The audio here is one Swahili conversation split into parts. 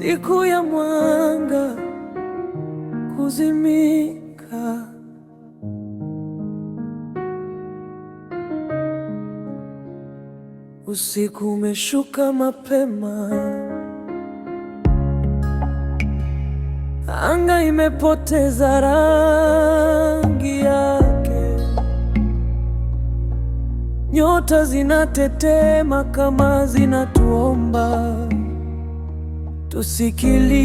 siku ya mwanga kuzimika, usiku umeshuka mapema, anga imepoteza rangi yake, nyota zinatetema kama zinatuomba tusikilize.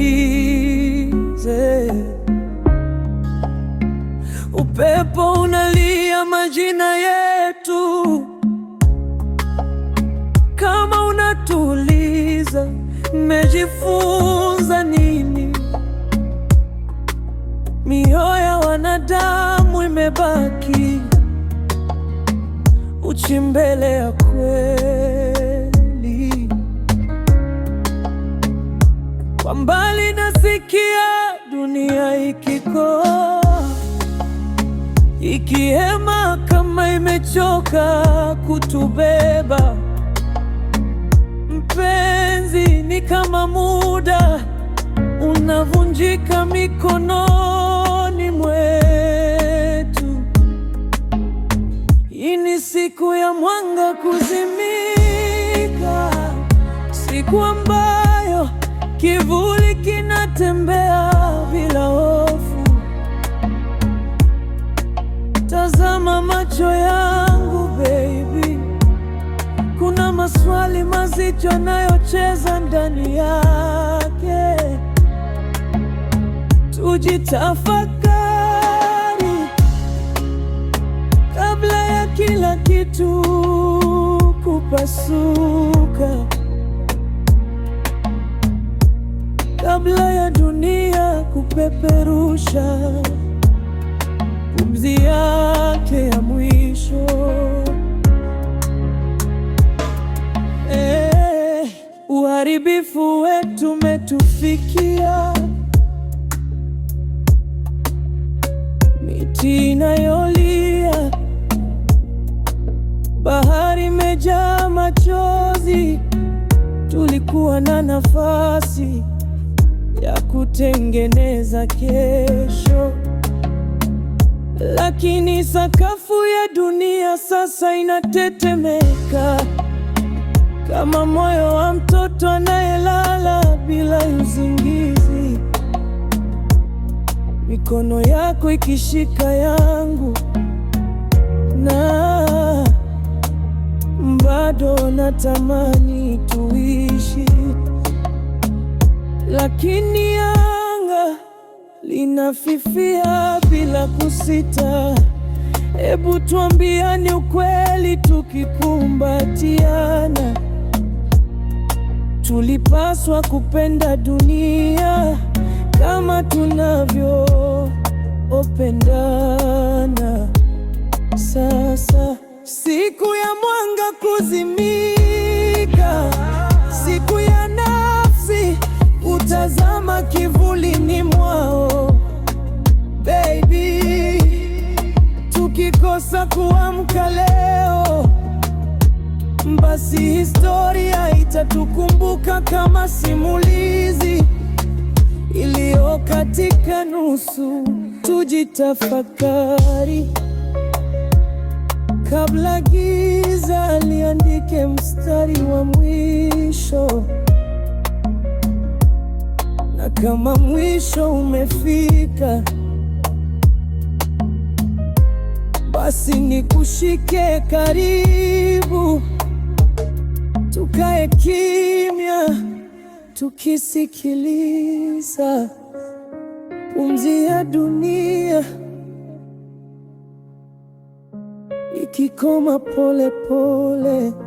Upepo unalia majina yetu, kama unatuuliza mmejifunza nini? Mioyo ya wanadamu imebaki uchi mbele ya kweli Kwa mbali nasikia dunia ikikoa, ikihema kama imechoka kutubeba. Mpenzi, ni kama muda unavunjika mikononi mwetu. Hii ni siku ya mwanga kuzimika, siku ambayo Kivuli kinatembea bila hofu, tazama macho yangu baby, kuna maswali mazito yanayocheza ndani yake, tujitafakari kabla ya kila kitu kupasuka. kabla ya dunia kupeperusha pumzi yake ya mwisho. Eh, uharibifu wetu umetufikia, miti inayolia, bahari imejaa machozi. Tulikuwa na nafasi ya kutengeneza kesho, lakini sakafu ya dunia sasa inatetemeka kama moyo wa mtoto anayelala bila usingizi. Mikono yako ikishika yangu na bado natamani tuishi lakini anga linafifia bila kusita. Hebu tuambiane ukweli, tukikumbatiana tulipaswa kupenda dunia kama tunavyoopendana. Sasa siku ya mwanga kuzimia Ukikosa kuamka leo, basi historia itatukumbuka kama simulizi iliyo katika nusu. Tujitafakari kabla giza liandike mstari wa mwisho, na kama mwisho umefika basi nikushike karibu, tukae kimya tukisikiliza pumzi ya dunia ikikoma polepole pole.